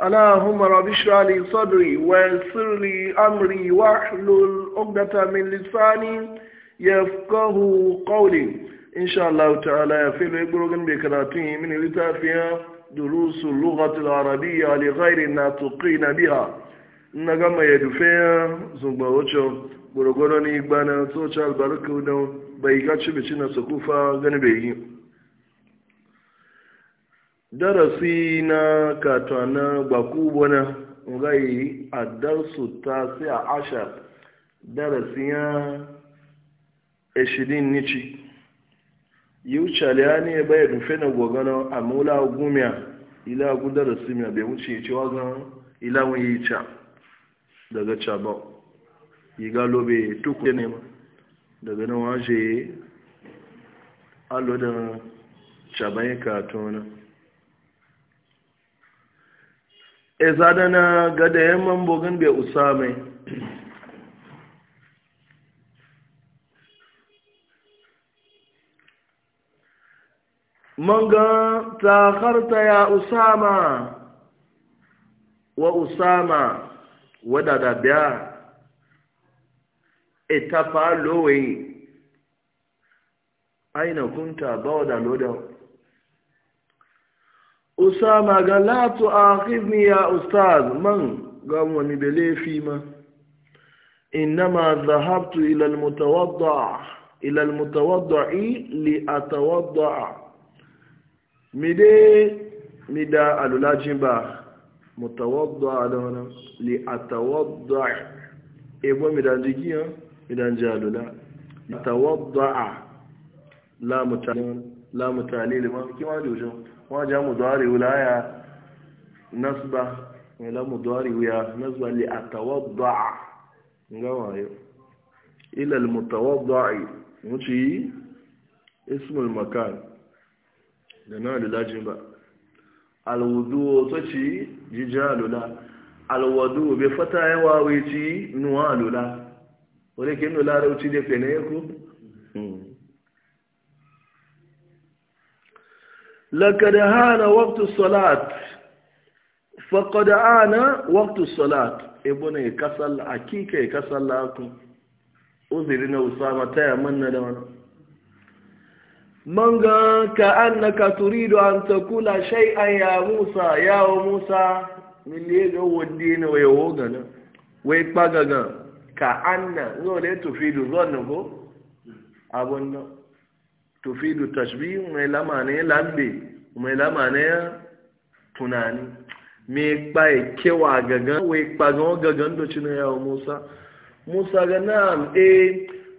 اللهم رب اشرح لي صدري ويسر لي امري واحلل عقدة من لساني يفقه قولي ان شاء الله تعالى في البروغن بكراتي من لتافيا دروس اللغة العربية لغير الناطقين بها نغم يدفيا زنبوتشو gwargwaro ne gbana social باركو da bai gaci سكوفا na darasi na katwa na gbakubo na ngai a darsu ta si a ashar darasi ya ashirin nici yi wuce ya ne bai rufe na gwagana a mula gumiya ila gu darasi mai bai wuce cewa gan ilawun yi ca daga caba yi galo bai tuku ne daga nan waje allo da caban ya katona e zadana gada yamman bogan bai usame manga takarta ya usama wa usama wadada biya itafa e lowe aina kunta bawa da lodon usama ga la tu'akhidni ya ustaz man ga wani da laifi ma innama dhahabtu ila almutawadda ila almutawaddi li atawadda mide mida alulajin ba mutawadda da wani li atawadda ebo midan alula midan jalula tawadda la mutali la mutali ma kima jojo wajen mudari wulaya nasba ila mudari wuya nasba li atawadda ngawa yau ila almutawadda'i wuci ismul makan da na da lulajin ba alwudu to ci jijalula alwudu bai fata yawa wici nuwa lula wale kin lula rauci da fene ku hmm. لقد هان وقت الصلاة فقد آن وقت الصلاة ابن كسل حقيقة كسل لكم أذرنا أسامة تيمنا دوانا من كأنك تريد أن تقول شيئا يا موسى يا موسى من ليغا ودينا ويوغنا ويقبغنا كأن نولي تفيد ظنه أبنه tufidu tashbi mai lamane lambe mai lamane tunani me kpa kewa gagan we kpa gan gagan do cinu ya musa musa ga na'am e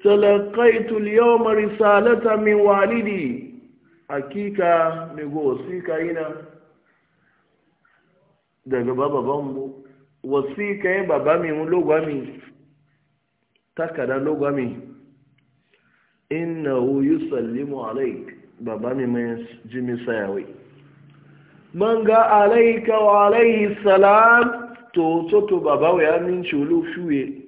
talaqaitu al-yawma risalata min walidi hakika me go ina daga baba bambu wasika e baba mi mu logwa mi takada logwa mi innahu yusallimu alaik baba mi mai jimi sayawai man ga alaika wa alaihi salam to to to baba wa ya min fiye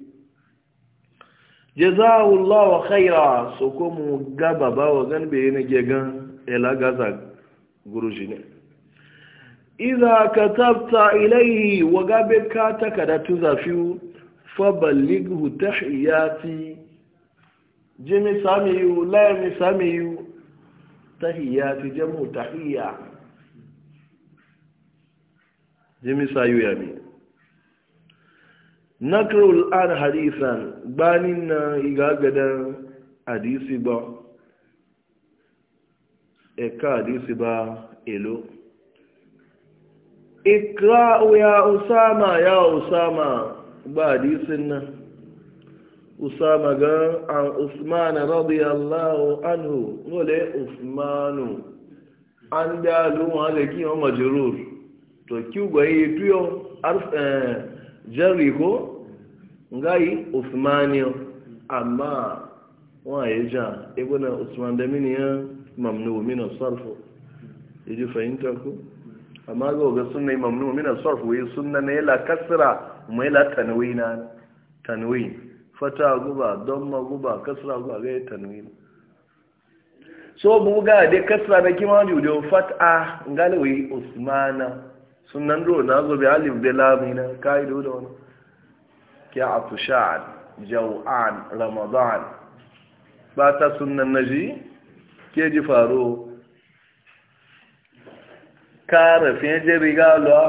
jazawullah wa khaira so ko mu ga baba wa gan be ne gegan ela gaza guruji ne ka tabta ilaihi wa gabika takadatu zafiu faballighu tahiyati jimi samiyu laimi samiyu tahiyya fi jamu tahiyya jimi sayu ya mi nakrul an hadisan gbanin na igagadan hadisi ba eka hadisi ba elo ikra ya usama ya usama ba hadisin nan usama ga an usman radiyallahu anhu ngole usmanu an da luwa da kiyo majrur to kiwa yi tuyo arf eh, jarri ko ngai Usman amma wa yaja ibn usman da mini ya mamnu min sarf yaji fahimta ko amma ga ga sunna mamnu min sarf wai sunna ne la kasra mai la tanwina tanwin fata guba don maguba kasra guba ga tanwin so buga da kasra na kima judo fata galwi usmana sunan do na go bi alif da lamina kai da wani ki a atushan jau'an ramadan ba ta sunan na ji? ke ji faro kara fiye jirgin lo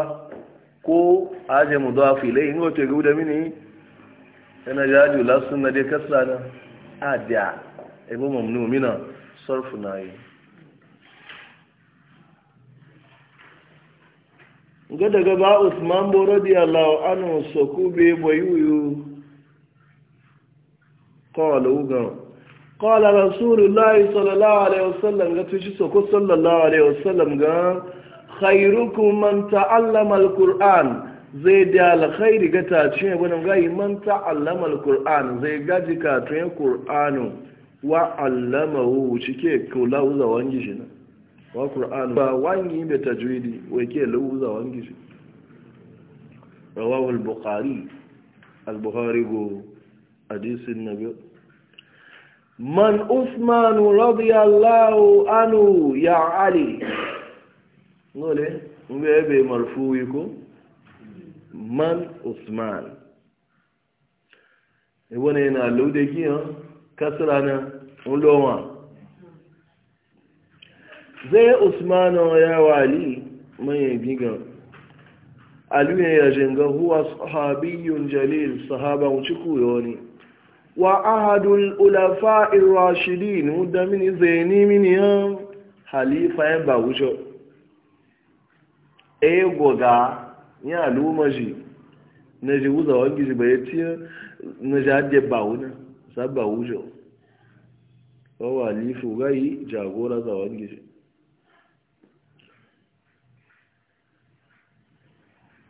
ko aje zuwa filai ingo te da mini yana jaju la na dai kasra na A da ibo e mamnu mina sarfu na yi ga daga ba usman bo radiyallahu anhu sokube boyuyu qala ugan qala rasulullahi sallallahu alaihi wasallam ga tushi soko sallallahu alaihi wasallam ga khairukum man ta'allama alquran zai da alkhairi ga tace wani gayi man ta'allama alquran zai gaji ka tun qur'anu wa allamahu cike kula uza wangi shi wa qur'anu ba wangi be tajwidi wai ke luza wangi shi rawahu al-bukhari al-bukhari go hadisin nabi man usman radiyallahu anhu ya ali ngole ngebe marfuwi ko man usman eh, wani yana lauda giyan kasira na uloma zai usman ya wali manyan gigan aliyu ya jinga huwa sahabiyun jalil sahaba wuce kuyo ne wa ahadul ulafa irashidin da mini zai nimi ne yan halifa ya ba wuce ego eh, ga ya al'umma shi na ji wuza wangi shi bai ci na ji hajje ba wuna sabba wujo wawa lifu gai jagora za wangi shi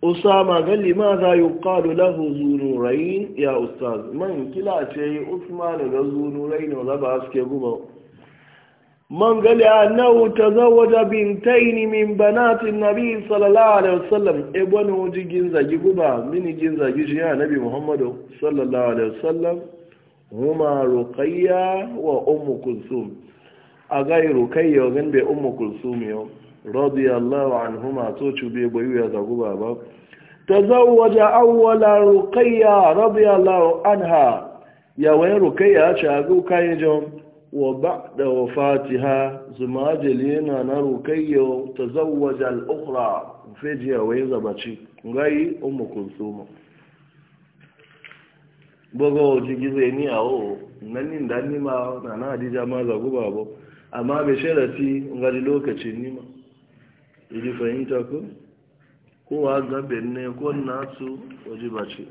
usama gali ma za yi kwado lahu zunurain ya ustaz man kila ce yi usmanu ga zunurain wanda ba suke guba من قال أنه تزوج بنتين من بنات النبي صلى الله عليه وسلم ابن وجي جنزة جيكوبا من جنزة جيشيا نبي محمد صلى الله عليه وسلم هما رقية وأم كلثوم أغاي رقية وغن بي أم كلثوم رضي الله عنهما توتشو بي بيويا زاكوبا باب تزوج أول رقية رضي الله عنها يا وين رقية شاكو كاين جون wa ba'da wafatiha zuma yana na rukayyo tazawwaj al-ukhra fijiya wa yazabaci ngai ummu kulsuma bogo jigize ni awo nanin dani ma na na hadija ma za guba bo amma be sharati ngali lokacin ni ma idi fahimta ko ko wa gabe ne ko nasu wajibaci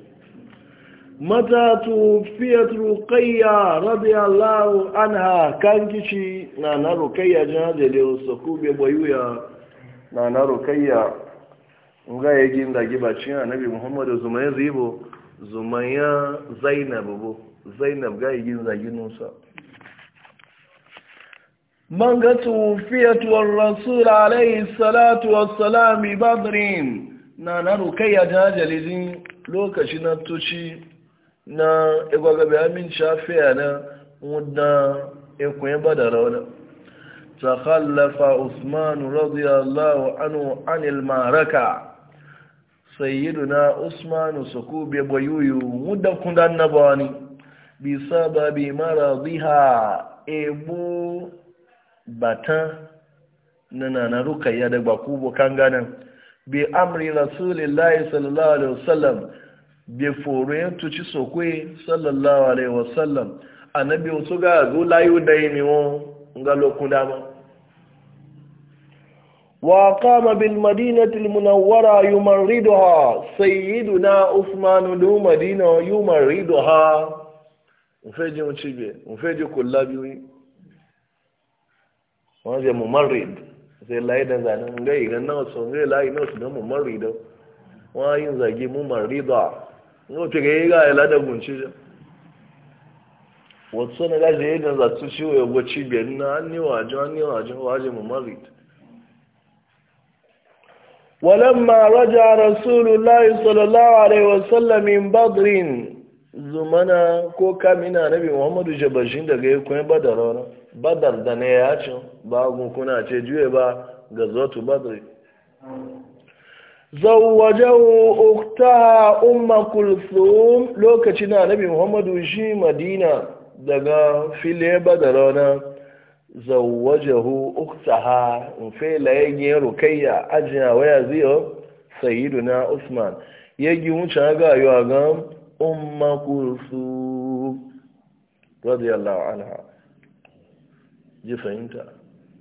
mata tufiyat rukaiya radiyallahu anha kan kici na na ruqayya janajele so kube boyuya na na rukaiya nga yegin da gibaci anabi muhammadu zumaya zibo zumaya zainab bu zainab ga yegin da ginusa man ga tufiyat war rasul alaihi salatu wassalam badrin na na ruqayya lokaci na tushi na igwagabe amin shafi a nan wadda ikon ya bada rauna ta hallafa usman radiyallahu anu anil maraka sayyiduna usman sukube bayuyu wadda kunda annaba wani bi sababi maraziha ebu batan nana na rukayya da gbakubo kan ganin bi amri rasulillahi sallallahu alaihi wasallam bai foroyen tuci sokwe sallallahu alaihi wasallam annabi wasu ga zo layu da yi miwon ga lokun dama wa kama bin madinatul munawwara yumarriduha sayyiduna usman lu madina yumarriduha mfeji mchibe mfeji kullabi wanje mumarrid sai layi da zanen gai ga nawa sun gai layi nawa su ga mumarrido wani zage mumarrida wata ga yi ga da lada bunci ja wasu na gaji yi da za su ciwo ya gwaci biyar na hannu wajen hannu wajen wajen mu ولما رجع رسول الله صلى الله عليه وسلم من zumana ko kamina nabi muhammadu jabashin daga ya kuma badar wani badar da na ya ce ba kuna ce juye ba ga zuwa tu badar zawajau uktaha umma kulthum lokacin annabi muhammadu shi madina daga file badarona zawajahu uktaha in fela yagin rukayya ajiya waya ziyo sayyiduna usman yagin wuce ga yawa ga umma kulthum radiyallahu anha ji fahimta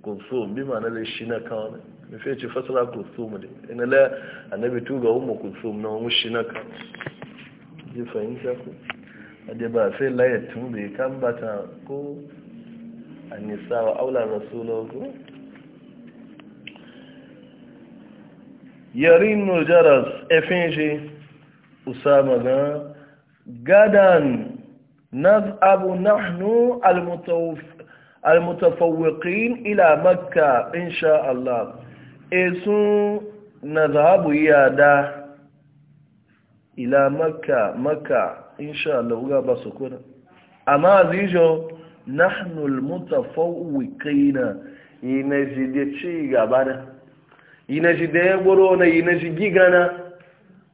kulthum bi ma ma'anar shi na kawai da fiye ce fasara kusum ne ina la annabi tuga umma kusum na mushi na ka ji fahimta ku ade ba sai la ya tumbe kan bata ko annisa wa aula rasulahu yarinu jaras efinji usama ga gadan abu hannu نحن المتفوقين إلى مكة إن شاء الله esu na zahabu iya da ila maka maka insha Allah uga ba su kuna amma zijo nahnu almutafawwiqina ina jide ci gaba da ina jide goro na ina jigi gana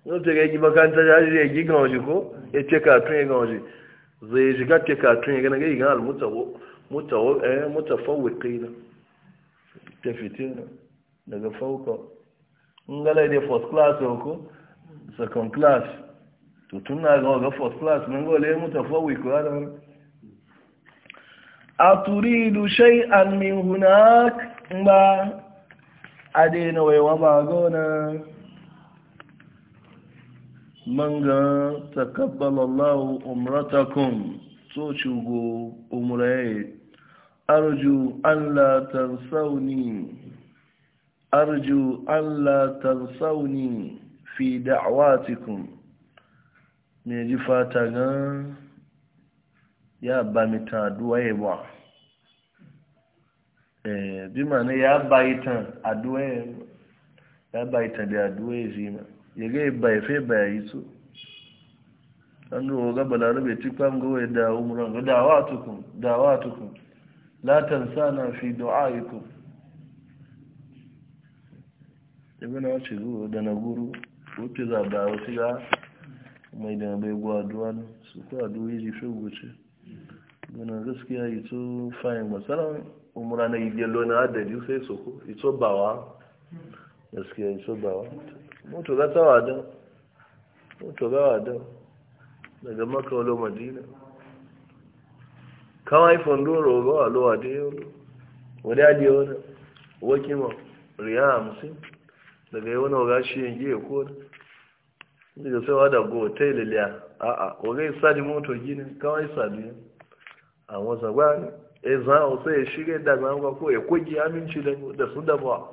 no te ga giba kan ta jaji ya giga waje ko e te ka tun ga waje zai ji ga ce ka tun ga na ga almutawo mutawo eh mutafawwiqina tafitina daga fauko ngala da first class ko second class to tunna ga ga first class nan gole mu tafawi ko da aturidu shay'an min hunak ba adena waiwa ba gona manga takabbalallahu umratakum so shugo umrai arju an la tansawni arju an la tansauni fi da'watikum me ji fata ya ba mi ta duwaye ba bi mana ya ba ita aduwaye ya ba ita da aduwaye ya ga ba fe ba yi so an ruwa ga balarabe tikam ga da umran da da'watukum da'watukum la tansana fi du'aikum daga na wace zuwa da na guru wace za ba wasu ga mai da bai guwa duwa su kuwa duwa yi fi guce gana gaskiya yi to fayin masarar umura na igelo na adadi sai soko ito bawa gaskiya ito bawa mutu ga tawa don mutu ga wa don daga makawalo madina kawai fondoro ga wa lowa da yau wadda ya diyo wani wakima riya hamsin daga yawan waga shi yin ya ko daga sai wada go ta yi liliya a a waga isa di moto gini kawai isa biyu a wasa ba ya e za a wasu ya shirya da za a ko ya kogi aminci da su da ba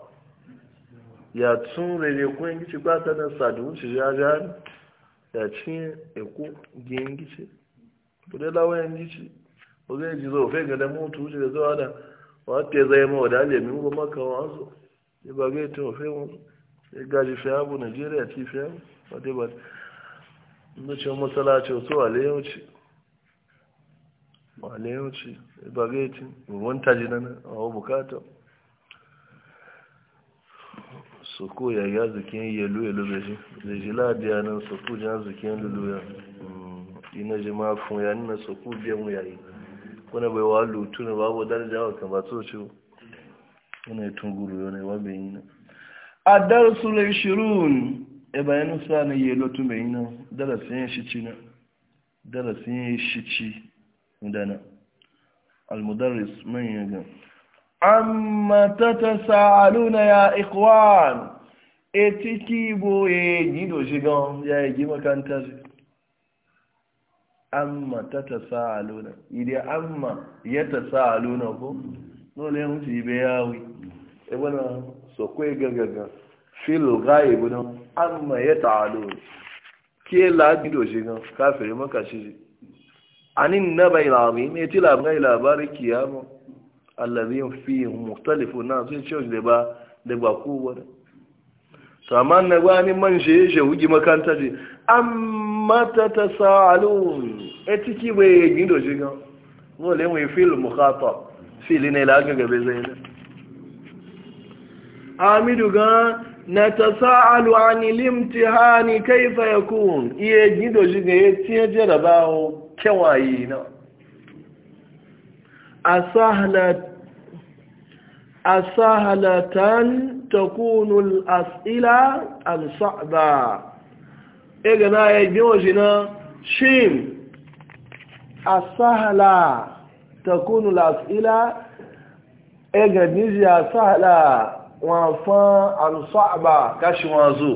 ya tun rere kun gici ba ta nan sadu wuce ya jari ya ci eko giyan gici bude lawayan gici waga ya ji zo fai ga da moto wuce da zuwa da wata ya zai mawa da alimin goma kawo an ya ba ga tun fai wanzu ya gaji fiyabu nigeria ci fiyabu wadda ba na ce matsalace wasu aliyauci, walayoci ibagaiti taji na na, a wa bukata su ko ya yi arzikin yalu yalu zai ji ladiya nan su ko ji arzikin lulu ya mm, ina ji makon ya nuna su ko biyan yayi kuna bai wa lutu na babu darajawa kan ba so ciwo wani yi tunguru yana yi wabin yi adar sura shirun e bayanin sa na yi lotu mai nan darasin ya shi ci na darasin ya shi ci da na almudaris manyan gan amma ta sa sa'aluna ya ikwan eti kibo ya yi gido shi gan ya yi gima amma ta ta sa'aluna idi amma ya ta sa'aluna ko nolayen su yi bayawi ebe na so kwai gangaga fil gaibu nan amma ya ta'alu ke labido shi nan kafiri maka shi anin na bai labi ne ti labarai labari kiyama allazin fi mukhtalifu na sai ce da ba da ba ku wani to amma na gwani man shi shi wugi makanta ji amma ta ta sa'alun etiki bai gido shi nan wole mu fil mukhatab fil ne la gaga bai zai amidu gan na ta sa'alu an ilimti hani kaifa ya kun iya gido shi ga ya tiye jarabawo kyawaye na a sahalatan ta kunul as'ila al-sa'ba ega na ya gido shi na shim a sahala ta kunul as'ila ega nijiya sahala wọn fán alùsọ́àbà káṣí wọn zo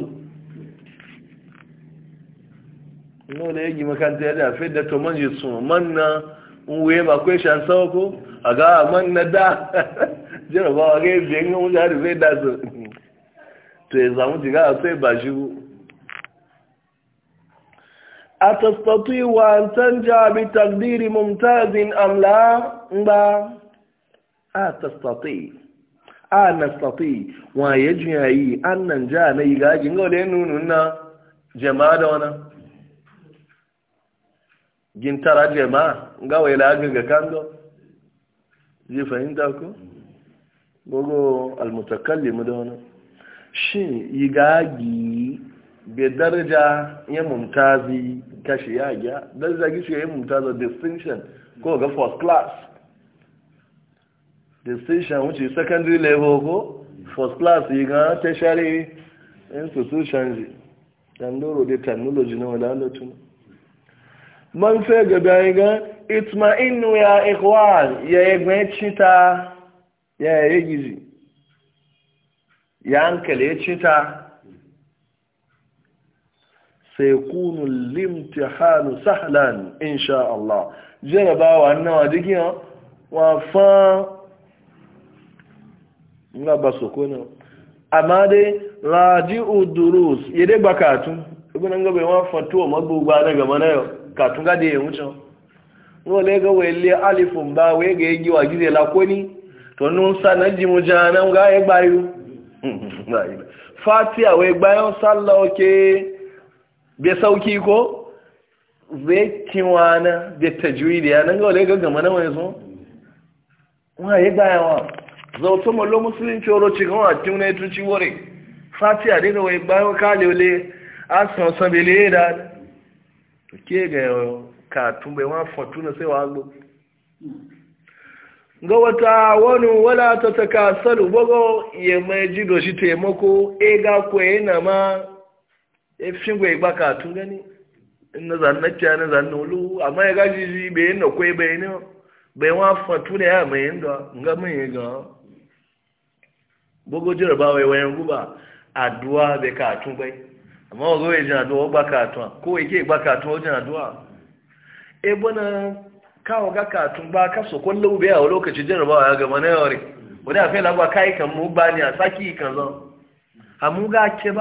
inú da yagi makanta yadda fi da to manje su manna nwuye ba kwai shan sauko a ga na da jarabawa ga yi biyan yawon jihar zai da su to ya zamu jiga a sai ba shi أتستطيع أن تنجح بتقدير ممتاز أم لا؟ لا أتستطيع a nastati wa ya jiyayi an ja na yi gaji ga wale nunu na jama'a da wani gintara jama'a ga wai lagin ga kando ji fahimta ko gogo almutakallim da wani shi yi gagi bai daraja ya mumtazi kashi ya gya daraja gishi ya yi mumtazi distinction ko ga first class distinction wuce secondary level ko first class yi gan tertiary institution ji dan loro de technology na wala lo tun man fe ga bai ga my inu ya ikhwan ya egbe chita ya yegizi ya ankele chita sekunu limtihanu sahlan insha Allah jarabawa nawa dikin wa fa nga ba soko amma dai raji'u durus ya dai ba katu ibn ga bai wa fatuwa magugba na gama na yau katu ga da ya wuce wale ga wale alifu ba we ga yi wa gize lakoni to nun sa na ji mu jana ga ya bayu fatiha wai bayan sallah oke bai sauki ko zai kiwana da tajwidi ya nan ga wale ga gama na wani so wa ya gaya wa zautu malo musulunci oro cikin wajen na itun ciwore fati a daga wai bayan kalole a san sabile da ke ga katun bai ma fortuna sai wa agbo ga wata wani wala ta taka salu bago ya mai ji doshi taimako e ga kwaye na ma e fi gwa igba katun gani na zannakiya na zannolu amma ya e gaji ji bai yi na kwaye bai ne bai wa fortuna ya mai yin da ga mai ga gbogbo jarabawa ya wayan guba addu'a bai katun bai amma wa gobe jin addu'a ba katun ko yake ba katun wajen addu'a e kawo katun ba bai gama na yare wani a fela kai kan mu ba a saki kan amu nasara ne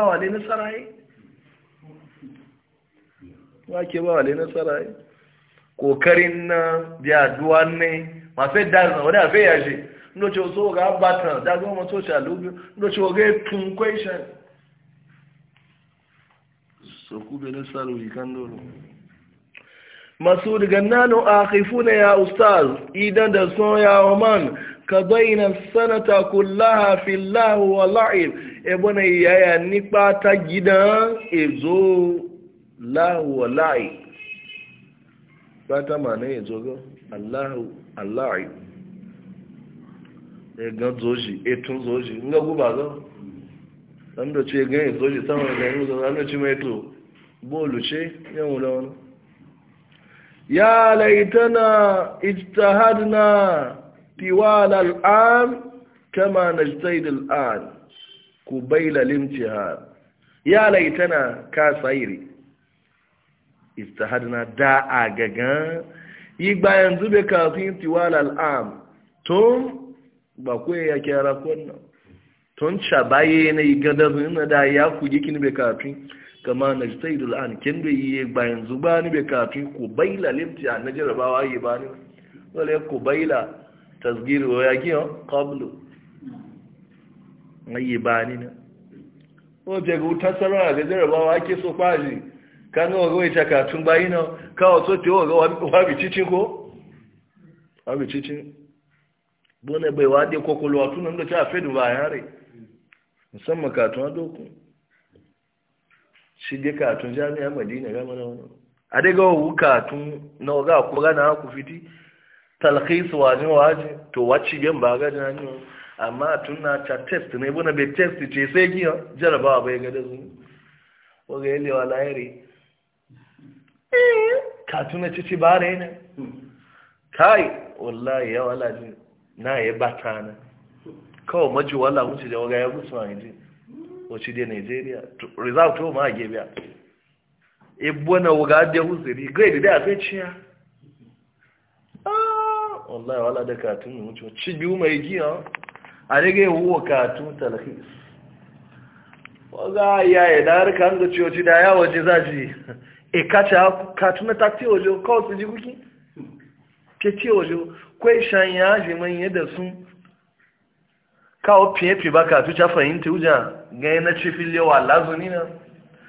ma wani a fe lóòtí o tó ga bàtàn da ọmọ tó ṣàlóbi lóòtí o gé tún kwẹ́ṣẹ́ sọkúbẹ̀lẹ́ sáré òyìnká lọ́rọ̀ masu daga nanu a haifu na ya ustaz idan da sun ya oman ka zaina sanata kullaha fillahu wa la'ib ebe yaya nipa ta gidan ezo wa la'ib ezo gan zoji etun zoji nga guba zan dan da ce gan zoji sama da yin zo dan da ce mai to bolu ce yan wula wani ya laitana ijtahadna tiwal al'an kama najtaid al'an kubayl al-imtihan ya laitana ka sairi ijtahadna da agagan igba yanzu be kafin tiwal al'am tun ba ku ya kyara kwanna tun ca baye na yi gadar nuna da ya yi kini bai kafi. kama na ji sai an kin bai yi bayan zuba ni bai kafi ku baila limti a na jarabawa yi ba ni wale ku baila tasgiri wa ya giyan kablo na yi ba ni na je ga wutar sarara ga jarabawa ake so kwaji kan ga gawai ta kafin bayi na kawo so te wa ga wabi cicin ko wabi cicin bone bai wade kokolowa tunan da ta fedu ba yare musamman katon adokun shi dai katon jami'a madina gama na wani a dai ga wawu katon na waga ko gana ku fiti talhisu wani waje to wacce gen ba ga na wani amma tun na ta test ne bune bai test ce sai giya jarabawa bai ga da zuni waga yi lewa layari eh, katon na cici bare ne kai wallahi yawa lajin na ya bata na maji majiwala wuce da waga ya gusu a yanzu wacce dai nigeria result to ma a gebe a ibuwa e na waga da grade da ya sai ah, ciya ya wala da katun ne wuce ci biyu mai giya a rage wuwa katun talhis waga ya yi e da harka an gaci wace da ya waje za e kacha katun na waje su ji ke kwai shan yaji manye da sun kawo fiye-fi ba ka tuca fahimta wujan ganye na cifin lewa lazuni na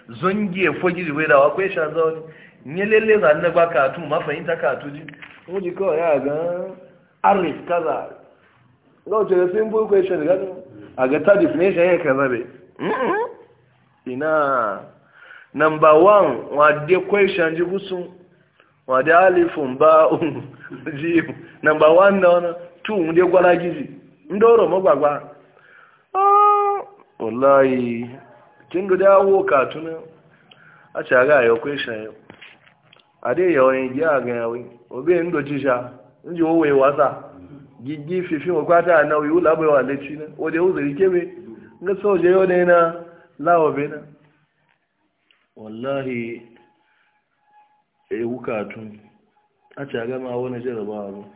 zongiye fogi zuwa da wakwai shan zaune nye lele za na ba katu ma fahimta katu ji wuji kawai ya ga arif kaza lauce da sun bukwai kwai gani a ga ta definition ya kaza bai mm-hmm. ina number one wadde kwai shan ji gusun wadị alifu mba ji na mgba nwanne ọnụ tu ndị gwara gizi ndị oroma gwagwa ah, wallahi kin da awo ka tuna a ci aga ya kwe shayo a dai yawon gi a ga yawon obe ndo jisha nji owe wasa gigi fifi wakwata na wiwu labai wa leci na wadda yau zari kebe ga soje yau ne na lawa bena wallahi ya tun a ci gama wani jarabawa ba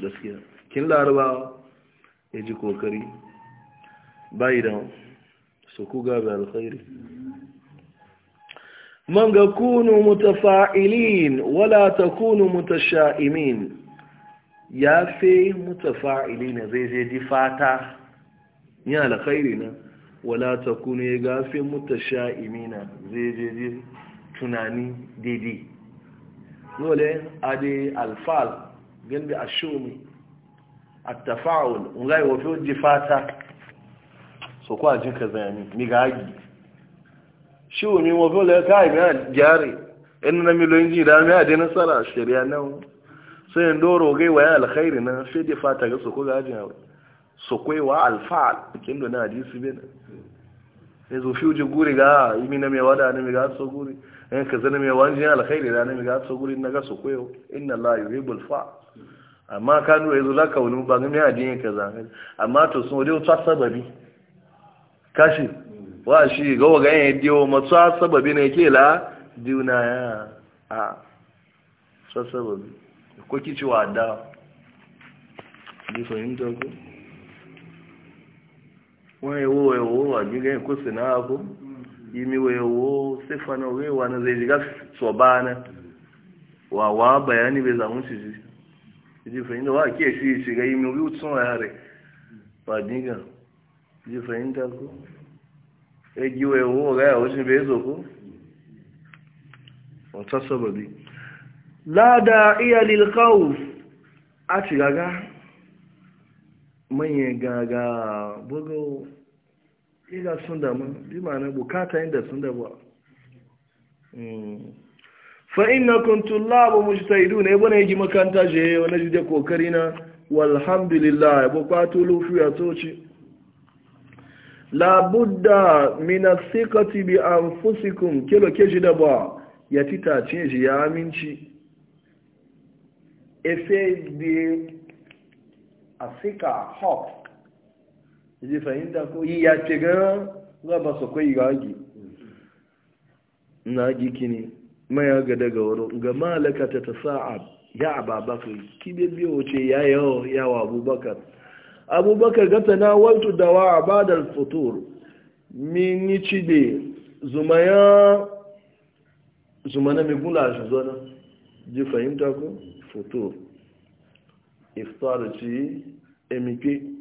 gaskiya kin larabawa ya ji kokari bayi da su ku gaba alkhairi man ga kunu mutafa'ilin wala ta kunu mutasha'imin ya fi mutafa'ilin zai je ji fata ya alkhairi na wala ta kunu ya gafe mutasha'imin zai je ji tunani daidai dole di alfal gande a attafa'ul ngai wa fi fata so kuwa ajin ka zani mi gagi shumi wa fi kai mi jari in na miliyan lo inji da mi ade nasara shirya nan sai doro gai wa alkhairi na fi fata ga soko ko gaji so ko wa alfal kin do na hadisi bin ne zo fi guri ga imi na me wada ne mi gasu guri in eh, ka zana mai wani jin alkhairi da nemi ga so gurin na ga so koyo inna la yuhibbul fa amma ka nuna yanzu laka wani ba ga mai addini kaza amma to sun wadi ta sababi kashi wa shi ga wa ga yan diyo ma ta sababi ne ke la diuna ya a ta sababi ko kici wa da ni fahimta ko wani wo wo wa ni ga ko sina ko imi wayo sifa na wewa na zai shiga wa wa bayani be zamu shi shi ji fahimta wa ke shi shiga imi wiyu tun a yare ba diga ji fahimta ko e gi wayo ga ya wasu bai zo ko wata sababi la da iya lil khawf a ci gaga manyan gaga bugu ila sun damu bi ma'ana bukata inda sun damu fa inna kuntum mujtahiduna yabo yi makanta je wani jide kokari na walhamdulillah yabo kwato lufi ya toci la budda min asiqati bi anfusikum kilo keji da ba ya tita cinji ya aminci efe bi asika hot ji fahimta ko yi ya ce gan ga ba su kwai gagi na giki kini maya ga daga wuri ga malaka ta ta sa'a ya ababakar kibe biyo ce ya yawo yawa abubakar abubakar gata na waltu da wa abadar fitur min yi cibe zumaya zumana mai gula shi zona ji fahimta ko fitur iftar ci emike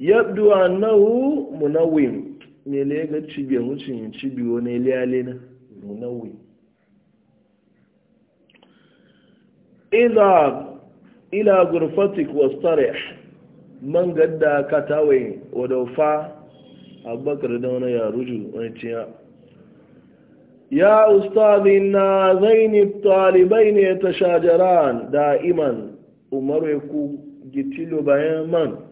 yabdu annahu munawwim ne le ga cibiyar wucin cibiyo ne liyale na munawwim ila gurfatik wastarih man gadda katawai wadaufa abubakar da wani ya ruju wani ciya ya ustazi na zaini talibai ne ta shajaran da'iman umaru ku gitilo bayan man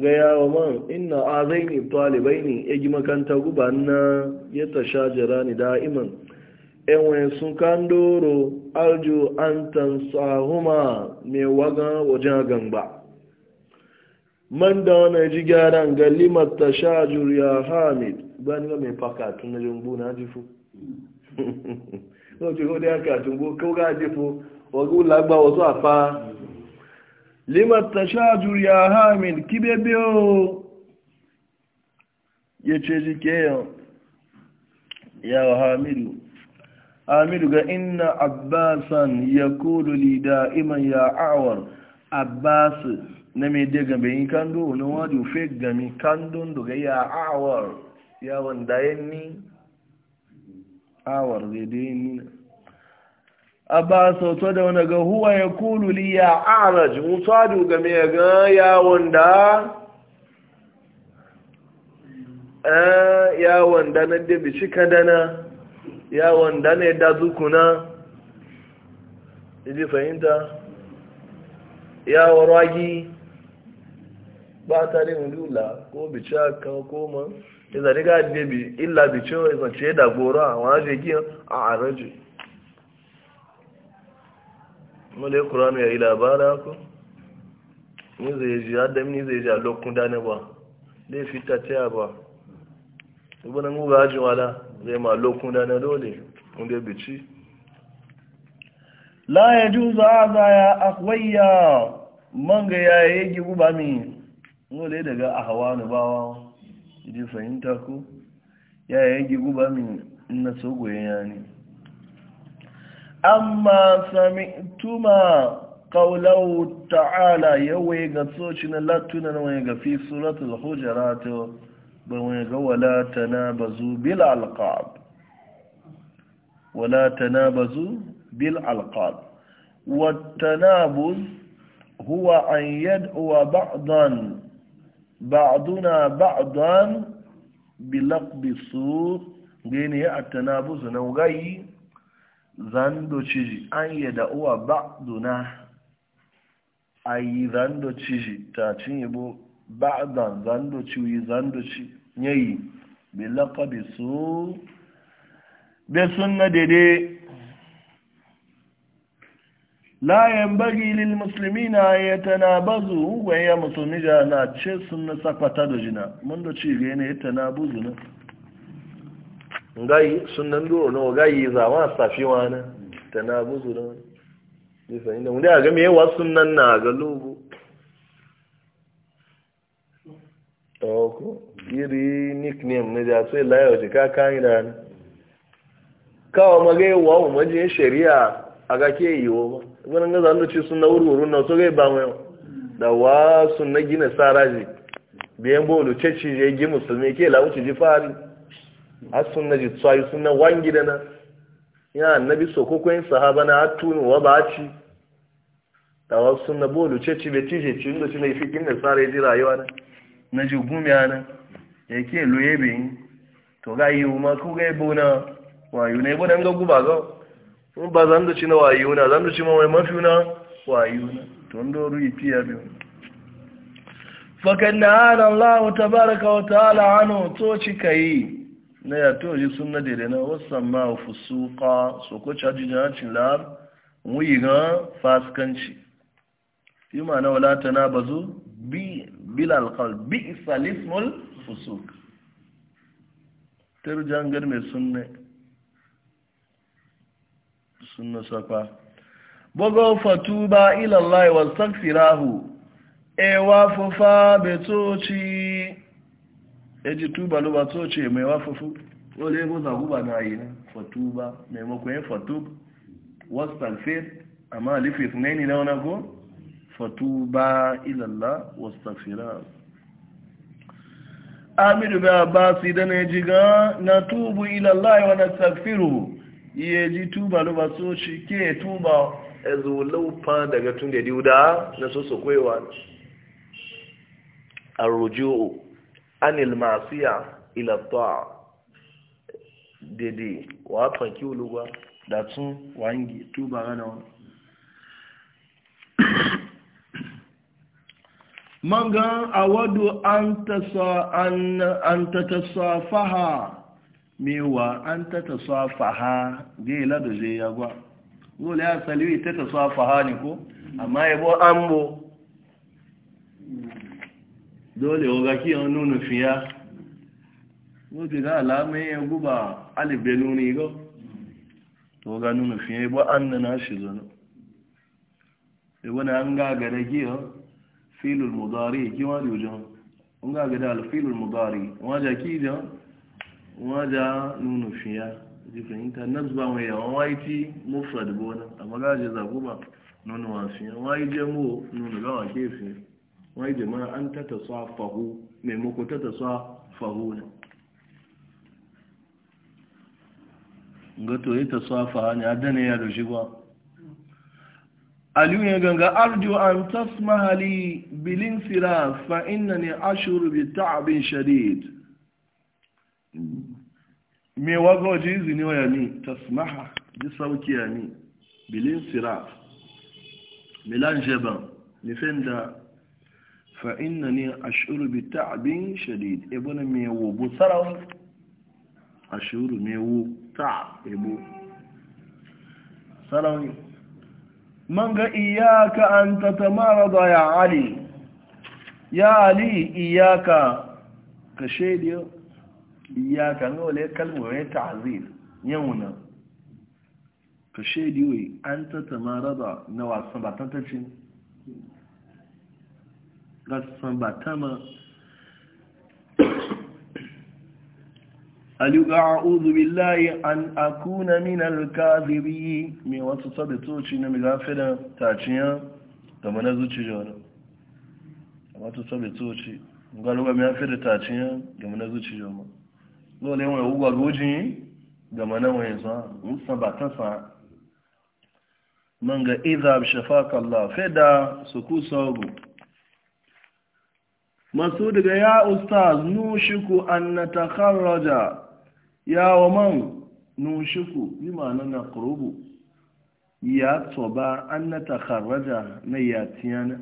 ga yawo man inna azaini talibaini e ya gima makanta guba na ya tashajira ni da'iman e enwe sun kan doro arju an tansahuma mai waga wajen gamba man da wani ji gyaran ga limar tashajur ya hamid bayan ga mai faka tun na jumbu na jifu ko ce ko da ya katun ko ga jifu wa gula wasu a fa limar tashajur ya min kibe biyo ya ce jike yau ya hamilu hamilu ga inna abbasan ya kudu li iman ya awar abbasu na mai daga bayin kando na wajen fe gami kando daga ya awar yawon dayan ni awar zai dayan nina abba sauto da wani ga huwa ya kulu li ya araj musadu ga ya ga yawon da yawon da na dabi cika dana yawon da ne da zukuna ji fahimta yawon ragi ba ta ne mulula ko bica ka koma ya zari ga dabi illa bicewa ya da goro a wani jirgin a arajin mole kuranu ya yi labara ko ni zai ji adam ni zai ji a lokun dane ba fi fita taya ba ibanan guga hajji wala zai ma lokun dane dole inda bici la ya juzu aza ya akwaiya manga ya yi gibu ba mi mole daga a hawa ni bawa ji fahimta ku ya yi gibu ba mi na tsogoyen ya أما سمعتما قوله تعالى يويغا سوشنا لاتونا ويغا في سورة الحجرات ويغا ولا تنابزوا بالعلقاب ولا تنابزوا بالعلقاب والتنابز هو أن يدعو بعضا بعضنا بعضا بلقب السوء غير يعني التنابز نوغيه zando ciji an yi da uwa ba duna a yi zando ciji ta cin yabo ba dan zando ciwi zando ci yayi bi laqabi su sun na dede la yanbaghi lil muslimina yatanabazu wa ya musulmi na ce na sakwata da jina mun da ci tana buzu na ngayi sunan duro na gai zawa safi wani ta na buzu da wani bisa inda wanda a game yawa sunan na ga logo ɗauko iri nickname na da sai layar ka kayan da ne kawo magai wa umarjin shari'a a ga ke yi wa ba wani ga zanen ce suna na wurwurun na wasu gai ba mai da wa suna gina saraji biyan bolu ce ci je gi musulmi ke lawuci ji fari har sunna ji tsayi sunna wangi da na ya annabi so ko sahaba na atunu wa ba ci tawa sunna bolu ce ci be tije ci inda ci ne fikin da sare ji rayuwa na na ji gumi ana yake loye be to ga yi ma ku ga bona wa yu ne bona ga guba ga mun ba zan da ci na wayu na zan da ci ma mai mafi na wa yu na to ndo ru yi fiya be fakan na Allah tabaaraka wa ta'ala anu to ci kai na ya to ji sunna dede na wasan ma fusuqa so ko caji na cin lab wuyi faskanci fi ma na wala tanabazu bi bil alqal bi isalismul fusuq tar jangar mai sunna sunna safa bogo fatuba ila allah wastaghfirahu ewa fufa betoci eji tuba ló bá tó ṣe mẹ́wàá fúfú ó lè mú zàgúbà náà yìí fọ̀túbà mẹ́mọ́kùn yẹn fọ̀túb wọ́stàfẹ́ àmá àlífẹ́ ìtùnẹ́ni náà náà fa tuba ìlàlá wọ́stàfẹ́rà amiru bá bá sí dánà ẹjì na tubu ìlàlá ìwọ̀n tàfírù iye jí tuba ló bá tuba ẹzù lọ́pàá daga tún da wúdá na sọ́sọ̀ kwẹ́wàá arrojo anil masiya ila ta'a dede wa fanki ulugwa da tun wangi tuba gana wani manga awadu an ta tasafaha mewa an ta tasafaha gai lado zai yagwa gole ya saliwi ta tasafaha ne ko amma yabo an bo dole wa gaki yawon nuna fiya nuti ga alamai ya guba alibe nuni ga to ga nuna fiya ibo an na na shi na an gagara giya filul mudari kiwa da ujan an gagara al filul mudari waja ki fiya ji nazba mufrad mu ke wai jama'a an ta tasa fahu maimako ta tasa fahu ne ga to yi tasa ne adana ya da shi ba aliyu ya ganga arju an tasmaha li bilin sira fa innani ashuru bi abin shadid me waga waje izini wa yami tasmaha ji sauki yami bilin sira milan jeban nufin da فإنني أشعر بتعب شديد إبونا ميو بصرو أشعر ميو تعب ابو صرو من إياك أن تتمرض يا علي يا علي إياك كشيدي إياك نقول كلمة تعذير يونا كشيدي أن تتمرض نواصبة تتشن gasan ba tama aliyu a'udhu billahi an akuna min al-kadhibi me wasu sabitoci na migafida taciya ga mana zuci jona wato sabitoci galuba me afida taciya ga mana zuci jona lole wai ugwa goji ga mana wai sa musa ba ta sa man ga idha bi shafaka allah fida su ku sabu masu daga ya ustaz nushiku an na takarraja ya wa man nushiku yi ma'ana na kurubu ya tsoba an na takarraja na ya tiyana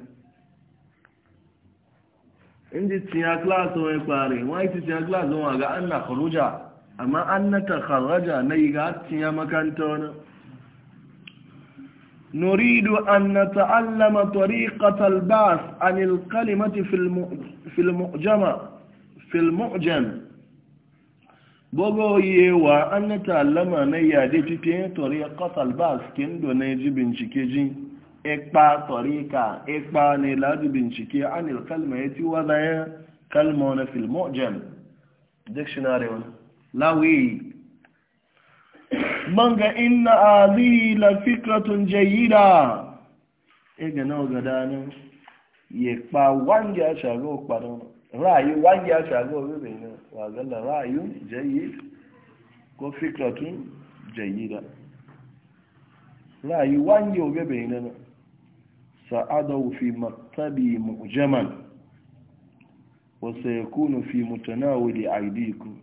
inji tiya klasa wani kware wani ti tiya klasa wani ga an na kuruja amma an na takarraja na yi ga tiya makanta wani نريد أن نتعلم طريقة الباس عن الكلمة في المؤجمة في المؤجم bogo yewa an na ta'allama na yade fifiyen toriyar albas kin dona ji bincike ji ekpa torika ekpa ne ladu bincike an il kalma ya ti wazayen kalma na filmogen dictionary Manga inna azihi la fikratun jayida e ga nawa ga danin ya pa wangi a shago yi ra'ayi wangi a shago rube ne wa galla ra'ayi jayyid ko fikratun jayyida ra'ayi wangi o bebe ne sa'adau fi maktabi mu'jaman wa sayakunu fi mutanawili aidikum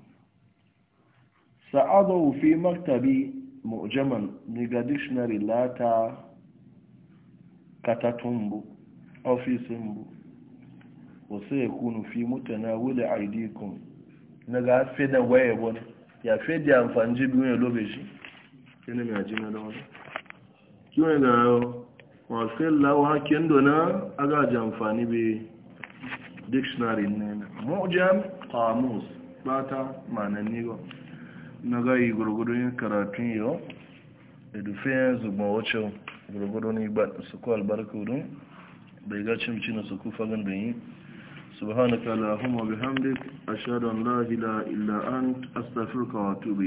sa'adau fi maktabi mu'jaman daga dictionary lata katatumbu ofisin bu wasu ya kunu fi mutana wule aidikun na ga fi da waye wani ya fi da amfani biyu ya lobe shi yana mai ajina da wani kiwon ga wasu lawa hakin dona agaji amfani bai dictionary nena mu'jam kamus bata manannigo na gaghị gwargwadon karatun yau edufen zugban wacce gwargwadon su ku albarka wurin bai gaci mace na su ku fagen da yi subhanaka lahumma bihamdik ashhadu an la ilaha illa ant astaghfiruka wa